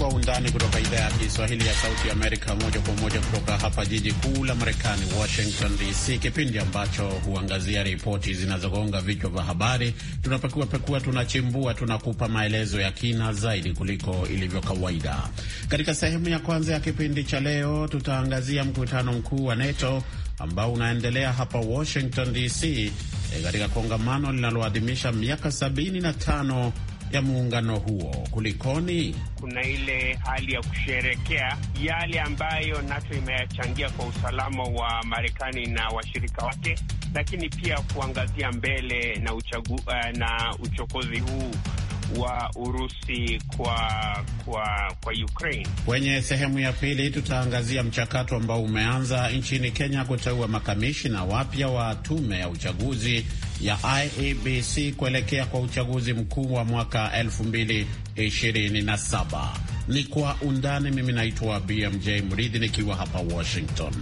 kwa undani kutoka idhaa ya Kiswahili ya Sauti Amerika, moja kwa moja kutoka hapa jiji kuu la Marekani, Washington DC, kipindi ambacho huangazia ripoti zinazogonga vichwa vya habari. Tunapekuapekua, tunachimbua, tunakupa maelezo ya kina zaidi kuliko ilivyo kawaida. Katika sehemu ya kwanza ya kipindi cha leo, tutaangazia mkutano mkuu wa NATO ambao unaendelea hapa Washington DC eh, katika kongamano linaloadhimisha miaka 75 ya muungano huo. Kulikoni? Kuna ile hali ya kusherekea yale ambayo NATO imeyachangia kwa usalama wa Marekani na washirika wake, lakini pia kuangazia mbele na uchagu, eh, na uchokozi huu wa Urusi kwa, kwa, kwa Ukraine. Kwenye sehemu ya pili tutaangazia mchakato ambao umeanza nchini Kenya kuteua makamishina wapya wa tume ya uchaguzi ya IEBC kuelekea kwa uchaguzi mkuu wa mwaka 2027. Ni kwa undani. Mimi naitwa BMJ Mridhi nikiwa hapa Washington.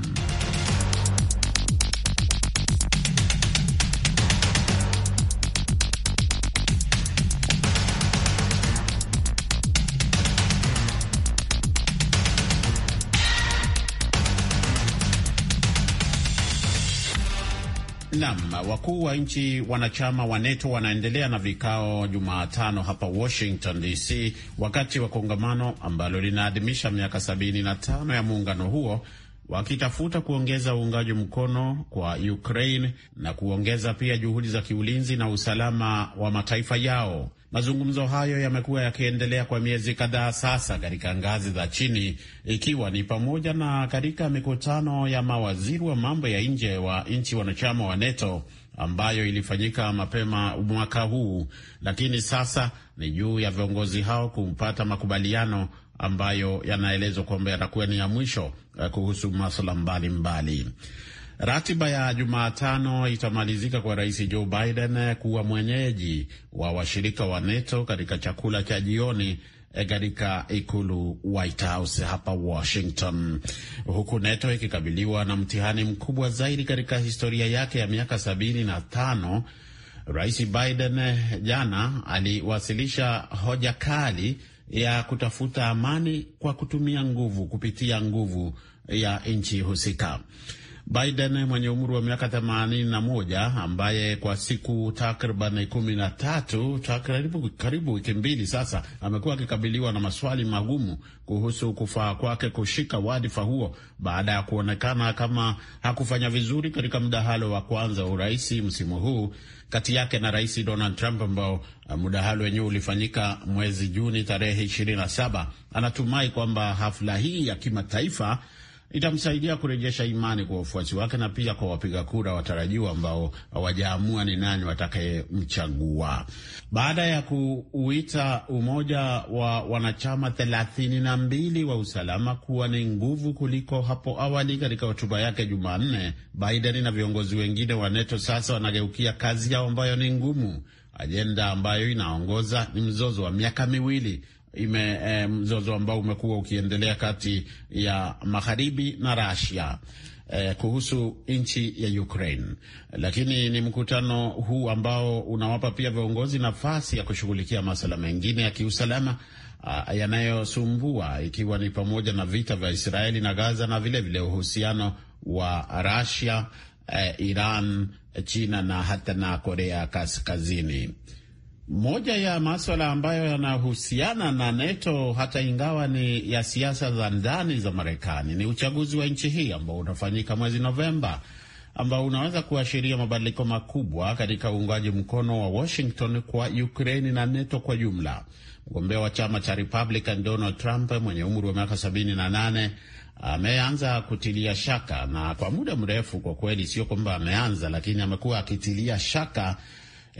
Nam, wakuu wa nchi wanachama wa NATO wanaendelea na vikao Jumatano hapa Washington DC, wakati wa kongamano ambalo linaadhimisha miaka 75 ya muungano huo wakitafuta kuongeza uungaji mkono kwa Ukraine na kuongeza pia juhudi za kiulinzi na usalama wa mataifa yao. Mazungumzo hayo yamekuwa yakiendelea kwa miezi kadhaa sasa katika ngazi za chini, ikiwa ni pamoja na katika mikutano ya mawaziri wa mambo ya nje wa nchi wanachama wa NATO ambayo ilifanyika mapema mwaka huu, lakini sasa ni juu ya viongozi hao kupata makubaliano ambayo yanaelezwa kwamba yatakuwa ni ya mwisho eh, kuhusu maswala mbalimbali. Ratiba ya Jumatano itamalizika kwa Rais Joe Biden eh, kuwa mwenyeji wa washirika wa NATO katika chakula cha jioni eh, katika ikulu White House hapa Washington, huku NATO ikikabiliwa na mtihani mkubwa zaidi katika historia yake ya miaka sabini na tano. Rais Biden jana aliwasilisha hoja kali ya kutafuta amani kwa kutumia nguvu kupitia nguvu ya nchi husika. Biden mwenye umri wa miaka 81 ambaye kwa siku takriban kumi na tatu takriban karibu wiki mbili sasa amekuwa akikabiliwa na maswali magumu kuhusu kufaa kwake kushika wadhifa huo baada ya kuonekana kama hakufanya vizuri katika mdahalo wa kwanza wa urais msimu huu kati yake na Rais Donald Trump ambao uh, mdahalo wenyewe ulifanyika mwezi Juni tarehe 27. Anatumai kwamba hafla hii ya kimataifa itamsaidia kurejesha imani kwa wafuasi wake na pia kwa wapiga kura watarajiwa ambao hawajaamua ni nani watakayemchagua. Baada ya kuuita umoja wa wanachama thelathini na mbili wa usalama kuwa ni nguvu kuliko hapo awali, katika hotuba yake Jumanne, Biden na viongozi wengine wa NATO sasa wanageukia kazi yao ambayo ni ngumu. Ajenda ambayo inaongoza ni mzozo wa miaka miwili ime eh, mzozo ambao umekuwa ukiendelea kati ya magharibi na Russia Eh, kuhusu nchi ya Ukraine, lakini ni mkutano huu ambao unawapa pia viongozi nafasi ya kushughulikia masuala mengine ya kiusalama ah, yanayosumbua, ikiwa ni pamoja na vita vya Israeli na Gaza na vilevile vile uhusiano wa Russia, eh, Iran, China na hata na Korea Kaskazini. Moja ya maswala ambayo yanahusiana na NATO hata ingawa ni ya siasa za ndani za Marekani ni uchaguzi wa nchi hii ambao unafanyika mwezi Novemba, ambao unaweza kuashiria mabadiliko makubwa katika uungaji mkono wa Washington kwa Ukraini na NATO kwa jumla. Mgombea wa chama cha Republican Donald Trump mwenye umri wa miaka 78 ameanza kutilia shaka, na kwa muda mrefu kwa kweli, sio kwamba ameanza, lakini amekuwa akitilia shaka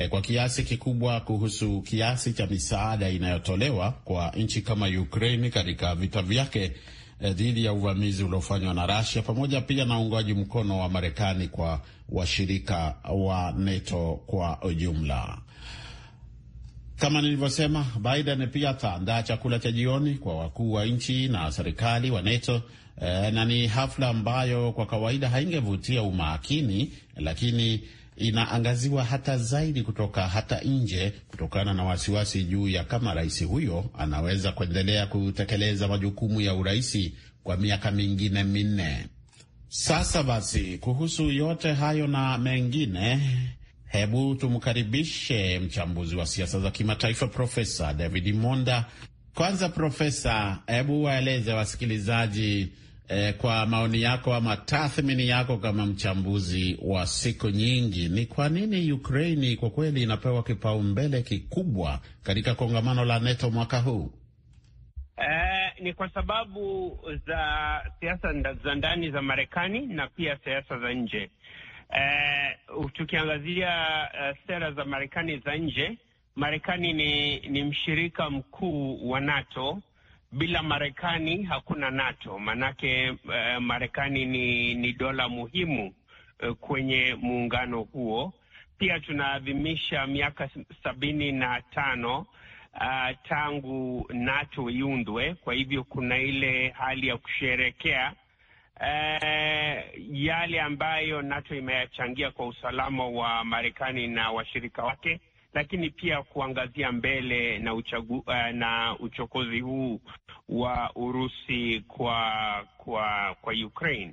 e, kwa kiasi kikubwa kuhusu kiasi cha misaada inayotolewa kwa nchi kama Ukraine katika vita vyake e, dhidi ya uvamizi uliofanywa na Russia pamoja pia na uungaji mkono wa Marekani kwa washirika wa NATO kwa ujumla. Kama nilivyosema, Biden pia ataandaa chakula cha jioni kwa wakuu wa nchi na serikali wa NATO e, na ni hafla ambayo kwa kawaida haingevutia umakini, lakini inaangaziwa hata zaidi kutoka hata nje kutokana na wasiwasi juu ya kama rais huyo anaweza kuendelea kutekeleza majukumu ya uraisi kwa miaka mingine minne. Sasa basi, kuhusu yote hayo na mengine, hebu tumkaribishe mchambuzi wa siasa za kimataifa Profesa David Monda. Kwanza Profesa, hebu waeleze wasikilizaji eh, kwa maoni yako ama tathmini yako kama mchambuzi wa siku nyingi, ni kwa nini Ukraini kwa kweli inapewa kipaumbele kikubwa katika kongamano la NATO mwaka huu? Eh, ni kwa sababu za siasa za ndani za Marekani na pia siasa za nje. Eh, tukiangazia uh, sera za Marekani za nje, Marekani ni, ni mshirika mkuu wa NATO bila Marekani hakuna NATO, maanake uh, eh, Marekani ni, ni dola muhimu uh, kwenye muungano huo. Pia tunaadhimisha miaka sabini na tano uh, tangu NATO iundwe, kwa hivyo kuna ile hali ya kusherekea uh, yale ambayo NATO imeyachangia kwa usalama wa Marekani na washirika wake lakini pia kuangazia mbele na uchagu, eh, na uchokozi huu wa Urusi kwa kwa kwa Ukraine.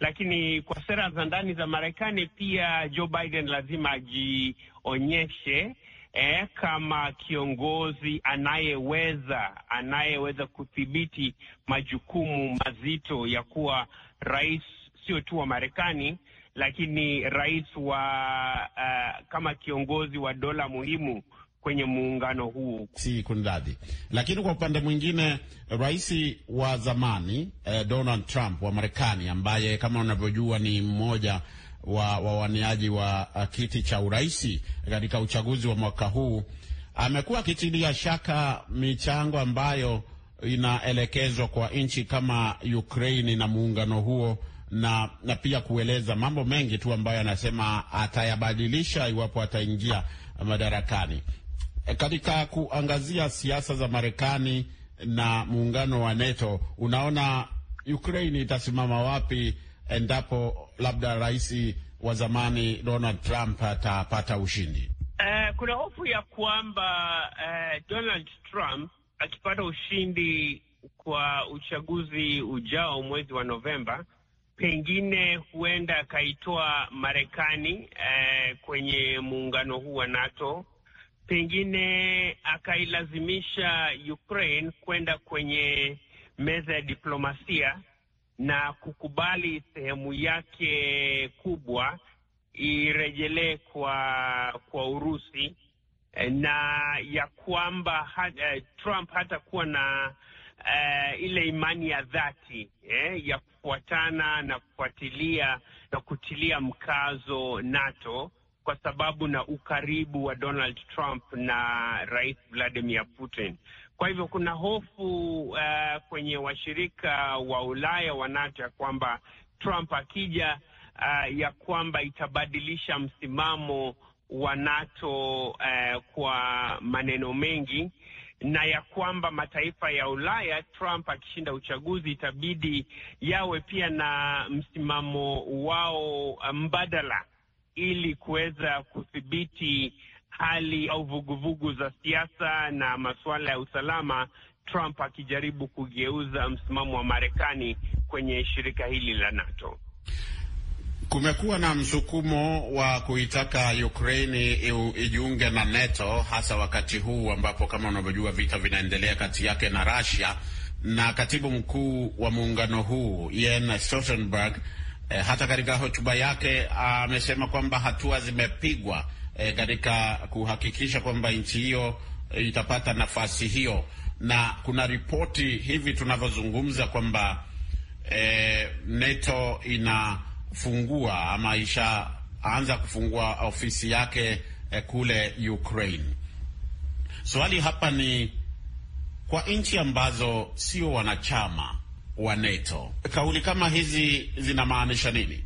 Lakini kwa sera za ndani za Marekani pia Joe Biden lazima ajionyeshe eh, kama kiongozi anayeweza anayeweza kudhibiti majukumu mazito ya kuwa rais sio tu wa Marekani lakini rais wa uh, kama kiongozi wa dola muhimu kwenye muungano huu si kundadhi. Lakini kwa upande mwingine, rais wa zamani eh, Donald Trump wa Marekani ambaye kama unavyojua ni mmoja wa wawaniaji wa eh, kiti cha uraisi katika uchaguzi wa mwaka huu amekuwa akitilia shaka michango ambayo inaelekezwa kwa nchi kama Ukraini na muungano huo na, na pia kueleza mambo mengi tu ambayo anasema atayabadilisha iwapo ataingia madarakani. E, katika kuangazia siasa za Marekani na muungano wa NATO, unaona Ukraine itasimama wapi endapo labda rais wa zamani Donald Trump atapata ushindi? Uh, kuna hofu ya kwamba uh, Donald Trump akipata ushindi kwa uchaguzi ujao mwezi wa Novemba pengine huenda akaitoa Marekani eh, kwenye muungano huu wa NATO, pengine akailazimisha Ukraine kwenda kwenye meza ya diplomasia na kukubali sehemu yake kubwa irejelee kwa kwa Urusi eh, na ya kwamba ha, eh, Trump hatakuwa na eh, ile imani ya dhati eh, ya kufuatana na kufuatilia na kutilia mkazo NATO kwa sababu na ukaribu wa Donald Trump na Rais Vladimir Putin. Kwa hivyo kuna hofu uh, kwenye washirika wa Ulaya wa NATO ya kwamba Trump akija, uh, ya kwamba itabadilisha msimamo wa NATO uh, kwa maneno mengi na ya kwamba mataifa ya Ulaya, Trump akishinda uchaguzi, itabidi yawe pia na msimamo wao uh, mbadala ili kuweza kudhibiti hali au vuguvugu za siasa na masuala ya usalama, Trump akijaribu kugeuza msimamo wa Marekani kwenye shirika hili la NATO. Kumekuwa na msukumo wa kuitaka Ukraini ijiunge na NATO hasa wakati huu ambapo kama unavyojua vita vinaendelea kati yake na Russia, na katibu mkuu wa muungano huu Jens Stoltenberg eh, hata katika hotuba yake amesema kwamba hatua zimepigwa eh, katika kuhakikisha kwamba nchi hiyo eh, itapata nafasi hiyo, na kuna ripoti hivi tunavyozungumza kwamba eh, NATO ina ishafungua ama ishaanza kufungua ofisi yake eh, kule Ukraine. Swali hapa ni kwa nchi ambazo sio wanachama wa NATO, kauli kama hizi zinamaanisha nini?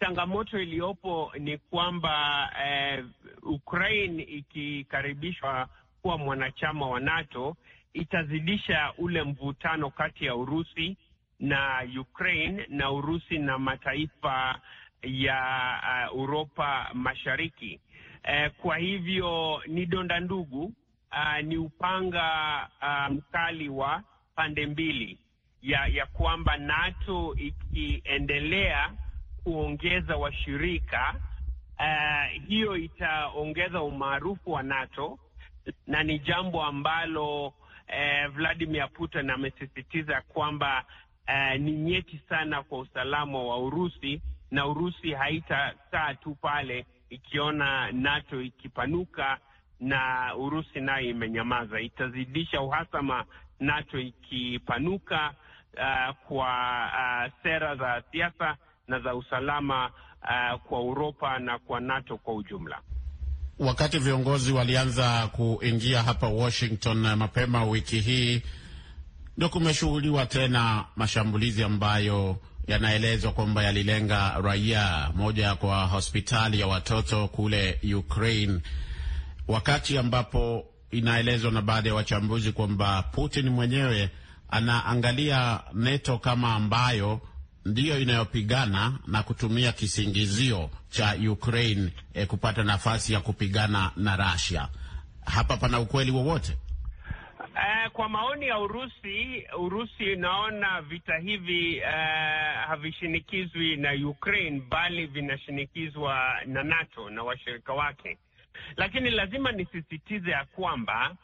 Changamoto iliyopo ni kwamba eh, Ukraine ikikaribishwa kuwa mwanachama wa NATO itazidisha ule mvutano kati ya Urusi na Ukraine na Urusi na mataifa ya uh, Uropa Mashariki. Eh, kwa hivyo ni donda ndugu, uh, ni upanga uh, mkali wa pande mbili ya, ya kwamba NATO ikiendelea kuongeza washirika uh, hiyo itaongeza umaarufu wa NATO na ni jambo ambalo uh, Vladimir Putin amesisitiza kwamba uh, ni nyeti sana kwa usalama wa Urusi, na Urusi haitakaa tu pale ikiona NATO ikipanuka na Urusi nayo imenyamaza, itazidisha uhasama NATO ikipanuka uh, kwa uh, sera za siasa na za usalama uh, kwa Uropa na kwa NATO kwa ujumla. Wakati viongozi walianza kuingia hapa Washington mapema wiki hii ndio kumeshuhudiwa tena mashambulizi ambayo yanaelezwa kwamba yalilenga raia moja kwa hospitali ya watoto kule Ukraine, wakati ambapo inaelezwa na baadhi ya wachambuzi kwamba Putin mwenyewe anaangalia NATO kama ambayo ndiyo inayopigana na kutumia kisingizio cha Ukraine eh, kupata nafasi ya kupigana na Russia. Hapa pana ukweli wowote? kwa maoni ya Urusi, Urusi inaona vita hivi uh, havishinikizwi na Ukraine bali vinashinikizwa na NATO na washirika wake, lakini lazima nisisitize ya kwamba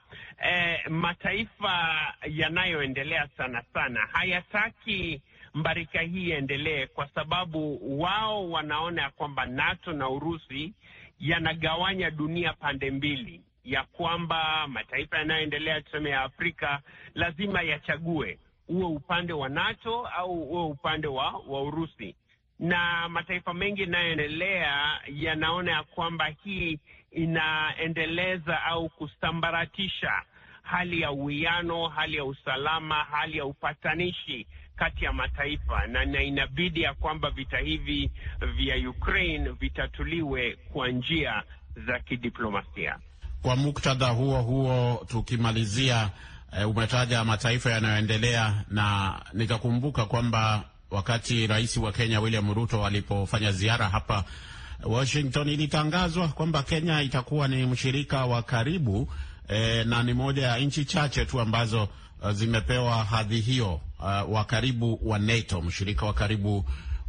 eh, mataifa yanayoendelea sana sana hayataki mbarika hii iendelee, kwa sababu wao wanaona ya kwamba NATO na Urusi yanagawanya dunia pande mbili ya kwamba mataifa yanayoendelea tuseme ya Afrika lazima yachague uwe upande wa NATO au uwe upande wa, wa Urusi na mataifa mengi yanayoendelea yanaona ya kwamba hii inaendeleza au kusambaratisha hali ya uwiano, hali ya usalama, hali ya upatanishi kati ya mataifa na, na inabidi ya kwamba vita hivi vya Ukraine vitatuliwe kwa njia za kidiplomasia. Kwa muktadha huo huo, tukimalizia e, umetaja mataifa yanayoendelea na nikakumbuka kwamba wakati rais wa Kenya William Ruto alipofanya ziara hapa Washington, ilitangazwa kwamba Kenya itakuwa ni mshirika wa karibu e, na ni moja ya nchi chache tu ambazo eh, zimepewa hadhi hiyo uh, wa karibu wa NATO, mshirika wa karibu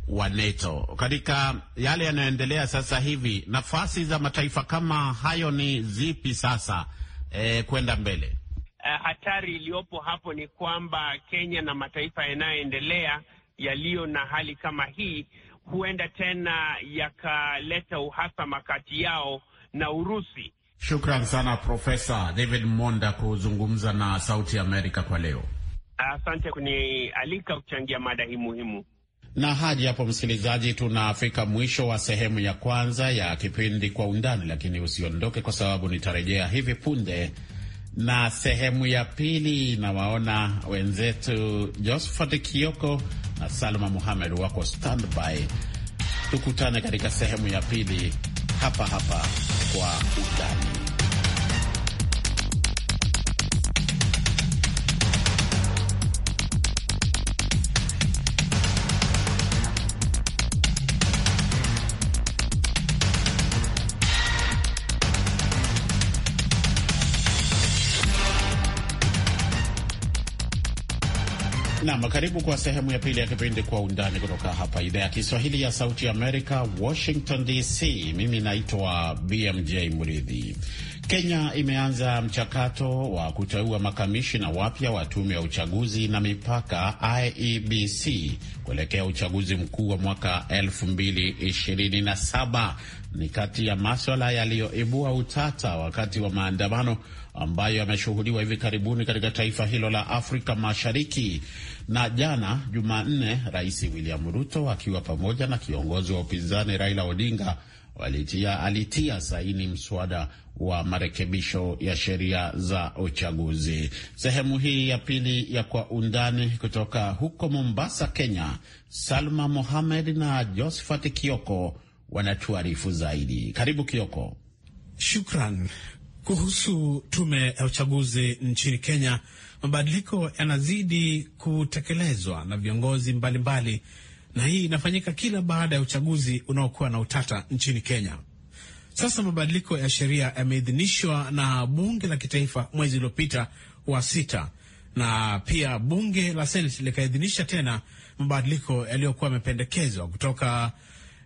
wa NATO. Katika yale yanayoendelea sasa hivi, nafasi za mataifa kama hayo ni zipi sasa e, kwenda mbele? Eh, hatari iliyopo hapo ni kwamba Kenya na mataifa yanayoendelea yaliyo na hali kama hii huenda tena yakaleta uhasama kati yao na Urusi. Shukran sana Profesa David Monda kuzungumza na Sauti ya Amerika kwa leo. Asante kunialika kuchangia mada hii muhimu. Na hadi hapo, msikilizaji, tunafika mwisho wa sehemu ya kwanza ya kipindi Kwa Undani, lakini usiondoke, kwa sababu nitarejea hivi punde na sehemu ya pili. Nawaona wenzetu Josephat Kioko na Salma Muhamed wako standby. Tukutane katika sehemu ya pili hapa hapa Kwa Undani. Nam, karibu kwa sehemu ya pili ya kipindi Kwa Undani kutoka hapa idhaa ya Kiswahili ya Sauti ya Amerika, Washington DC. Mimi naitwa BMJ Mridhi. Kenya imeanza mchakato wa kuteua makamishina wapya wa tume ya uchaguzi na mipaka IEBC kuelekea uchaguzi mkuu wa mwaka 2027. Ni kati ya maswala yaliyoibua utata wakati wa maandamano ambayo yameshuhudiwa hivi karibuni katika taifa hilo la Afrika Mashariki. Na jana Jumanne, Rais William Ruto akiwa pamoja na kiongozi wa upinzani Raila Odinga walitia, alitia saini mswada wa marekebisho ya sheria za uchaguzi. Sehemu hii ya pili ya Kwa Undani kutoka huko Mombasa, Kenya, Salma Mohamed na Josephat Kioko wanatuarifu zaidi. Karibu Kioko. Shukran. Kuhusu tume ya uchaguzi nchini Kenya mabadiliko yanazidi kutekelezwa na viongozi mbalimbali mbali, na hii inafanyika kila baada ya uchaguzi unaokuwa na utata nchini Kenya. Sasa mabadiliko ya sheria yameidhinishwa na bunge la kitaifa mwezi uliopita wa sita, na pia bunge la Seneti likaidhinisha tena mabadiliko yaliyokuwa yamependekezwa kutoka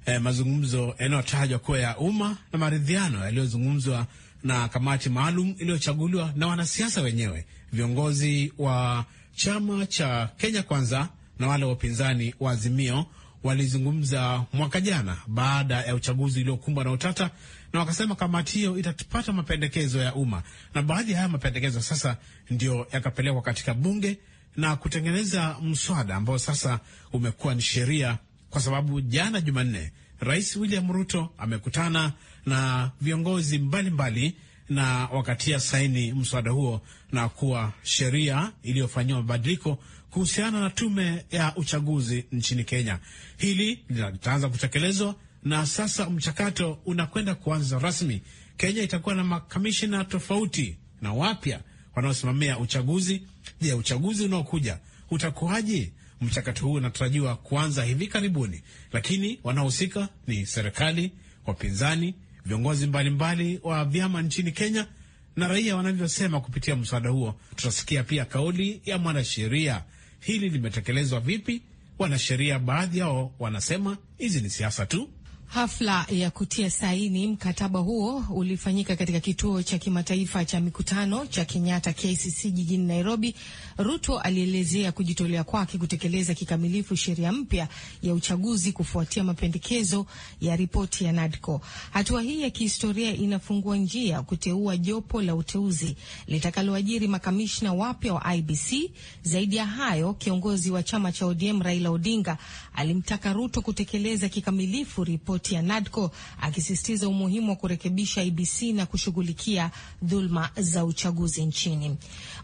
eh, mazungumzo yanayotajwa kuwa ya umma na maridhiano yaliyozungumzwa na kamati maalum iliyochaguliwa na wanasiasa wenyewe, viongozi wa chama cha Kenya Kwanza na wale wa upinzani wa Azimio walizungumza mwaka jana baada ya uchaguzi uliokumbwa na utata, na wakasema kamati hiyo itapata mapendekezo ya umma, na baadhi ya haya mapendekezo sasa ndio yakapelekwa katika bunge na kutengeneza mswada ambao sasa umekuwa ni sheria, kwa sababu jana Jumanne Rais William Ruto amekutana na viongozi mbalimbali mbali na wakatia saini mswada huo na kuwa sheria iliyofanyiwa mabadiliko kuhusiana na tume ya uchaguzi nchini Kenya. Hili litaanza kutekelezwa na sasa mchakato unakwenda kuanza rasmi. Kenya itakuwa na makamishina tofauti na wapya wanaosimamia uchaguzi. Je, uchaguzi unaokuja utakuwaje? Mchakato huu unatarajiwa kuanza hivi karibuni, lakini wanaohusika ni serikali, wapinzani, viongozi mbalimbali wa vyama nchini Kenya na raia wanavyosema kupitia mswada huo. Tutasikia pia kauli ya mwanasheria, hili limetekelezwa vipi? Wanasheria baadhi yao wanasema hizi ni siasa tu. Hafla ya kutia saini mkataba huo ulifanyika katika kituo cha kimataifa cha mikutano cha Kenyatta KCC jijini Nairobi. Ruto alielezea kujitolea kwake kutekeleza kikamilifu sheria mpya ya uchaguzi kufuatia mapendekezo ya ripoti ya NADCO. Hatua hii ya kihistoria inafungua njia kuteua jopo la uteuzi litakaloajiri makamishna wapya wa IBC. Zaidi ya hayo, kiongozi wa chama cha ODM Raila Odinga alimtaka Ruto kutekeleza kikamilifu ripoti ripoti ya NADCO akisisitiza umuhimu wa kurekebisha IBC na kushughulikia dhulma za uchaguzi nchini.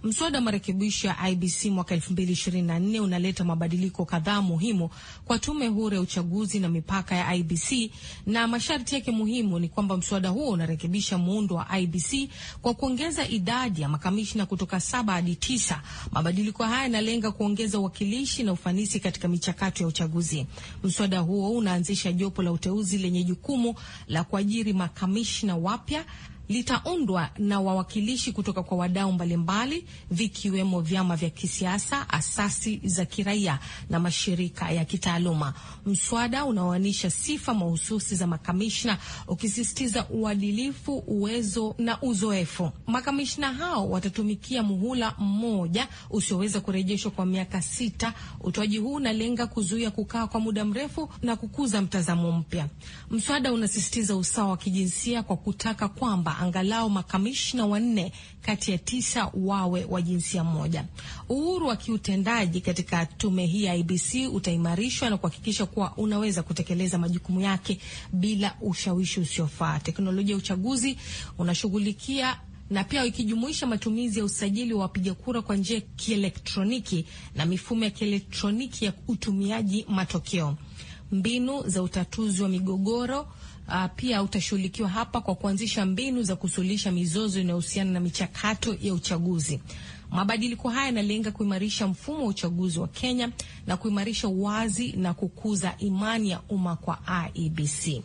Mswada wa marekebisho ya IBC mwaka 2024 unaleta mabadiliko kadhaa muhimu kwa tume huru ya uchaguzi na mipaka ya IBC, na masharti yake muhimu ni kwamba mswada huo unarekebisha muundo wa IBC kwa kuongeza idadi ya makamishna kutoka saba hadi tisa. Mabadiliko haya yanalenga kuongeza uwakilishi na ufanisi katika michakato ya uchaguzi. Mswada huo unaanzisha jopo la uteuzi lenye jukumu la kuajiri makamishna wapya litaundwa na wawakilishi kutoka kwa wadau mbalimbali vikiwemo vyama vya kisiasa, asasi za kiraia na mashirika ya kitaaluma. Mswada unaoanisha sifa mahususi za makamishna ukisisitiza uadilifu, uwezo na uzoefu. Makamishna hao watatumikia muhula mmoja usioweza kurejeshwa kwa miaka sita. Utoaji huu unalenga kuzuia kukaa kwa muda mrefu na kukuza mtazamo mpya. Mswada unasisitiza usawa wa kijinsia kwa kutaka kwamba angalau makamishna wanne kati ya tisa wawe wa jinsia moja. Uhuru wa kiutendaji katika tume hii ya IBC utaimarishwa na kuhakikisha kuwa unaweza kutekeleza majukumu yake bila ushawishi usiofaa. Teknolojia ya uchaguzi unashughulikia na pia ikijumuisha matumizi ya usajili wa wapiga kura kwa njia ya kielektroniki na mifumo ya kielektroniki ya utumiaji matokeo, mbinu za utatuzi wa migogoro uh, pia utashughulikiwa hapa kwa kuanzisha mbinu za kusuluhisha mizozo inayohusiana na michakato ya uchaguzi. Mabadiliko haya yanalenga kuimarisha mfumo wa uchaguzi wa Kenya na kuimarisha uwazi na kukuza imani ya umma kwa IEBC.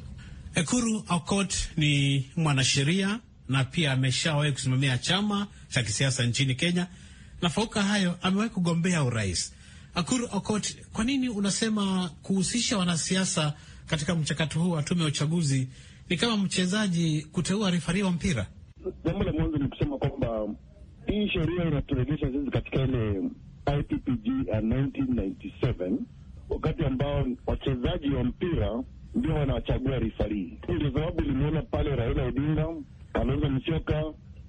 Ekuru Aukot ni mwanasheria na pia ameshawahi kusimamia chama cha kisiasa nchini Kenya, na fauka hayo amewahi kugombea urais. Akuru Okot, kwa nini unasema kuhusisha wanasiasa katika mchakato huu wa tume ya uchaguzi ni kama mchezaji kuteua rifari wa mpira. Jambo la mwanzo ni kusema kwamba hii sheria inaturegesha sisi katika ile IPPG ya 1997 wakati ambao wachezaji wa mpira ndio wanawachagua rifari. Hii Ndio sababu limeona pale Raila Odinga, Kalonzo Musyoka,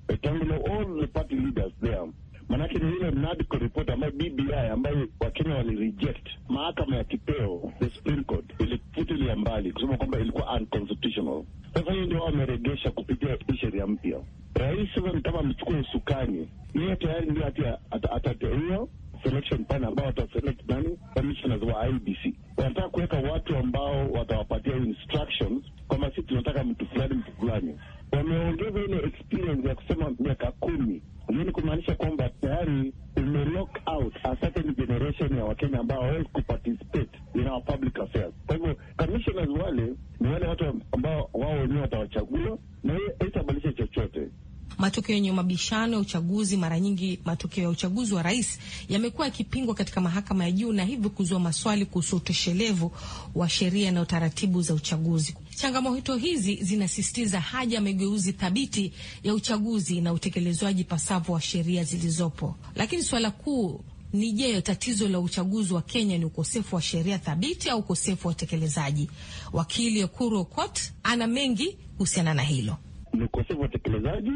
Etangulo, all the party leaders there Maanake ni ile medical report ambayo BBI ambayo Wakenya walireject, mahakama ya kipeo the Supreme Court ilifutilia mbali kusema kwamba ilikuwa unconstitutional. Sasa hiyo ndio wameregesha kupitia sheria mpya. Rais sasa ni kama amechukua usukani, niye tayari ndio atateua selection pan ambao wataselect nani commissioners wa IBC. Wanataka kuweka watu ambao watawapatia instructions kwamba sisi tunataka mtu fulani mtu fulani. Wameongeza ile experience ya kusema miaka kumi hii ni kumaanisha kwamba tayari ume lock out a certain generation ya Wakenya ambao hawawezi kuparticipate in our public affairs. Kwa hivyo commissioners wale ni wale watu ambao wao wenyewe watawachagua, na hiyo haitabadilisha chochote matokeo yenye mabishano ya uchaguzi. Mara nyingi matokeo ya uchaguzi wa rais yamekuwa yakipingwa katika mahakama ya juu na hivyo kuzua maswali kuhusu utoshelevu wa sheria na utaratibu za uchaguzi. Changamoto hizi zinasisitiza haja ya mageuzi thabiti ya uchaguzi na utekelezwaji pasavyo wa sheria zilizopo, lakini suala kuu ni je, tatizo la uchaguzi wa Kenya ni ukosefu wa sheria thabiti au ukosefu wa utekelezaji? Wakili Ekuru Aukot ana mengi kuhusiana na hilo. Ni ukosefu wa utekelezaji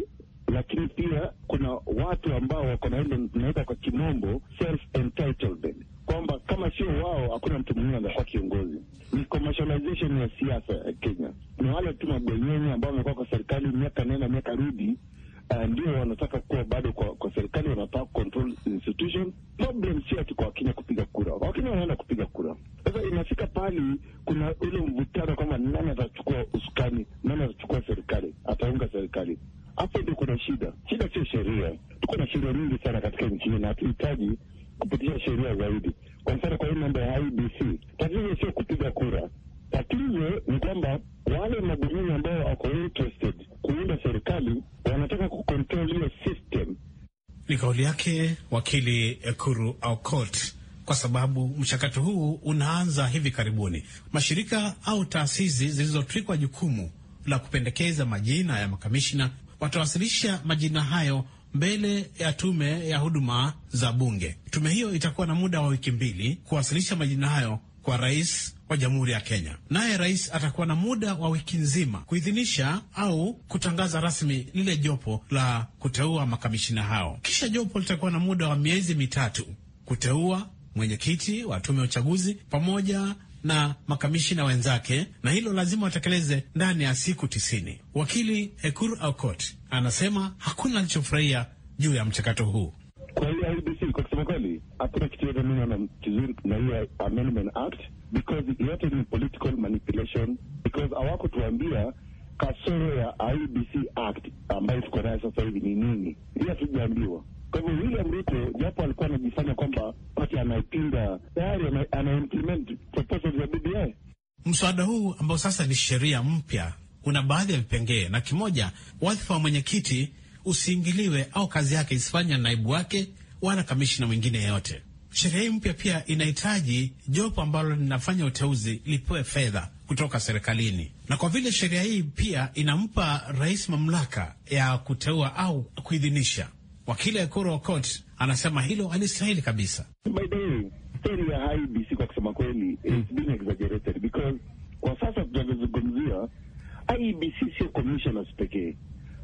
lakini pia kuna watu ambao wako na ile tunaweza kwa kimombo self entitlement, kwamba kama sio wao hakuna mtu mwingine anakuwa kiongozi. Ni commercialization ya siasa ya Kenya. Ni wale tu mabwenyenye ambao wamekuwa kwa serikali miaka nena miaka rudi Uh, ndio wanataka kuwa bado kwa, kwa serikali wanataka control institution. Problem sio ati kwa Wakenya kupiga kura, Wakenya wanaenda kupiga kura. Sasa inafika pahali kuna ule mvutano kwamba nani atachukua usukani, nani atachukua serikali, ataunga serikali. Hapo ndio kuna shida. Shida sio sheria, tuko na sheria nyingi sana katika nchi hii na hatuhitaji kupitisha sheria zaidi. Kwa mfano, kwa hii mambo ya IBC, tatizo sio kupiga kura, tatizo ni kwamba wale magunini ambao wako interested kuunda serikali wanataka kucontrol hiyo system. Ni kauli yake wakili Ekuru Aukot. Kwa sababu mchakato huu unaanza hivi karibuni, mashirika au taasisi zilizotwikwa jukumu la kupendekeza majina ya makamishina watawasilisha majina hayo mbele ya tume ya huduma za Bunge. Tume hiyo itakuwa na muda wa wiki mbili kuwasilisha majina hayo kwa rais wa Jamhuri ya Kenya, naye rais atakuwa na muda wa wiki nzima kuidhinisha au kutangaza rasmi lile jopo la kuteua makamishina hao. Kisha jopo litakuwa na muda wa miezi mitatu kuteua mwenyekiti wa tume ya uchaguzi pamoja na makamishina wenzake, na hilo lazima watekeleze ndani ya siku tisini. Wakili Ekuru Aukot anasema hakuna alichofurahia juu ya mchakato huu. Kwa hiyo IBC, kwa kusema kweli, hakuna kitu yote mimi kizuri na hiyo amendment act because yote ni political manipulation because hawakutuambia kasoro ya IBC act ambayo tuko nayo sasa hivi ni nini. Hiyo hatujaambiwa. Kwa hivyo William Ruto japo alikuwa anajifanya kwamba pati anayepinga tayari anaimplement proposal za BBI. Mswada huu ambao sasa ni sheria mpya una baadhi ya vipengee, na kimoja, wadhifa wa mwenyekiti usiingiliwe au kazi yake isifanywe na naibu wake wala kamishina mwingine yeyote. Sheria hii mpya pia inahitaji jopo ambalo linafanya uteuzi lipewe fedha kutoka serikalini, na kwa vile sheria hii pia inampa rais mamlaka ya kuteua au kuidhinisha Wakili Ekuru Okot anasema hilo alistahili kabisa. Story ya kwa kusema kweli, it's mm. been exaggerated because kwa sasa tunavyozungumzia IBC sio commissioners pekee,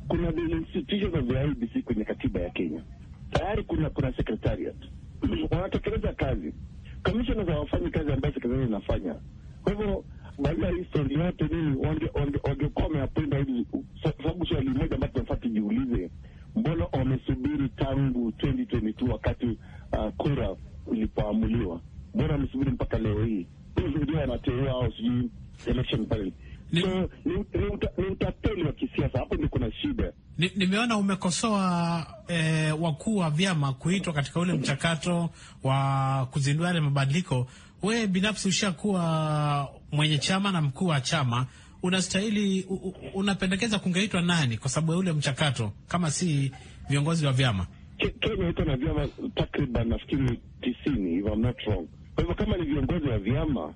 kuna the institution of the IBC kwenye katiba ya Kenya tayari kuna kuna secretariat wanatekeleza kazi, commissioners hawafanyi kazi ambayo secretariat inafanya. Kwa hivyo baada ya yote nini, wangekuwa wameapenda hivi, sababu swali moja ambayo tunafaa tujiulize mbona wamesubiri tangu 2022 wakati uh, kura ilipoamuliwa? Mbona wamesubiri mpaka leo hii? Ndio wanateua au sijui election panel ni, so, ni, ni utapeli wa kisiasa. Hapo ndio kuna shida. Nimeona ni umekosoa eh, wakuu wa vyama kuitwa katika ule mchakato wa kuzindua yale mabadiliko. Wewe binafsi ushakuwa mwenye chama na mkuu wa chama unastahili unapendekeza kungeitwa nani kwa sababu ya ule mchakato kama si viongozi wa vyama? Tumeitwa na vyama takriban nafikiri tisini, if I'm not wrong. Kwa hivyo kama ni viongozi wa vyama,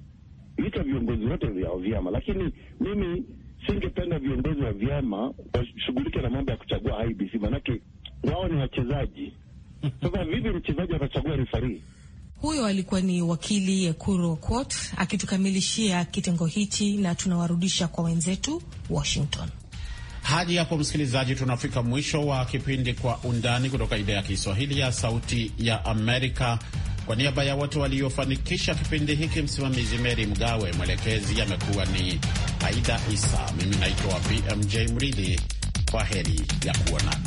ita viongozi wote wa vyama, lakini mimi singependa viongozi wa vyama washughulike na mambo ya kuchagua IBC, maanake wao ni wachezaji. Sasa vipi mchezaji atachagua rifarii? Huyo alikuwa ni wakili Ekuru Aukot akitukamilishia kitengo hichi, na tunawarudisha kwa wenzetu Washington. Hadi hapo msikilizaji, tunafika mwisho wa kipindi Kwa Undani kutoka idhaa ya Kiswahili ya Sauti ya Amerika. Kwa niaba ya wote waliofanikisha kipindi hiki, msimamizi Meri Mgawe, mwelekezi amekuwa ni Aida Isa, mimi naitwa BMJ Mridhi. Kwa heri ya kuonana.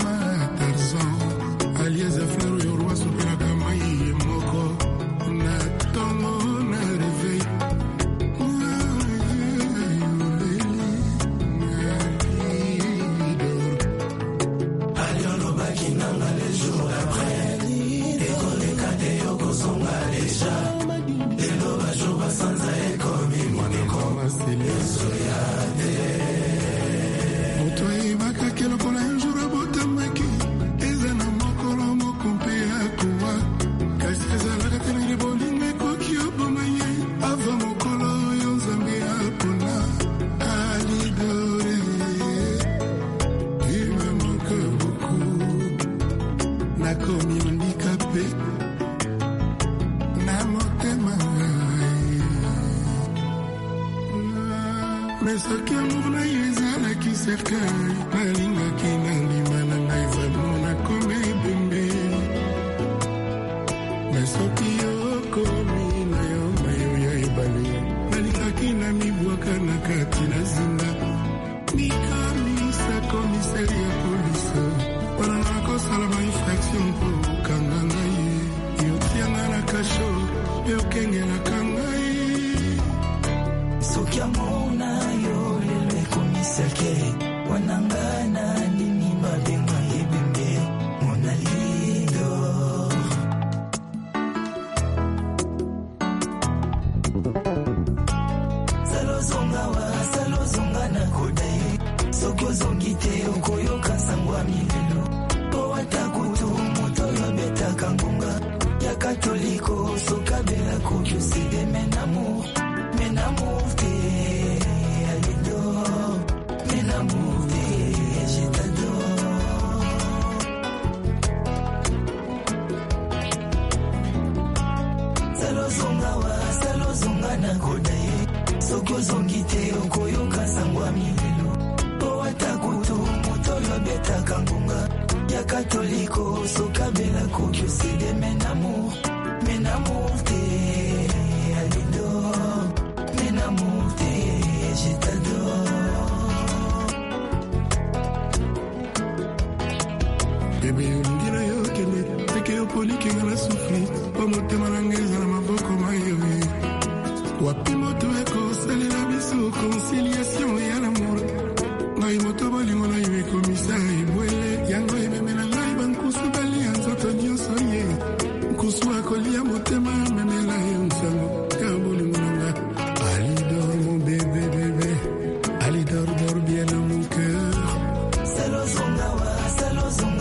ozongite okoyoka sango ya milelo mpo ata kutu moto oyo abetaka ngonga ya katoliko sokabela koki osede menamo menamo te alido te jetador ebe olingi na yo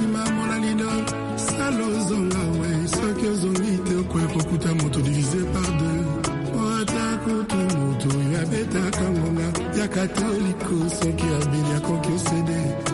kimamona la sala we soki ozongi te okoya kokuta moto par deux po oh, ata moto oyo abetaka ngonga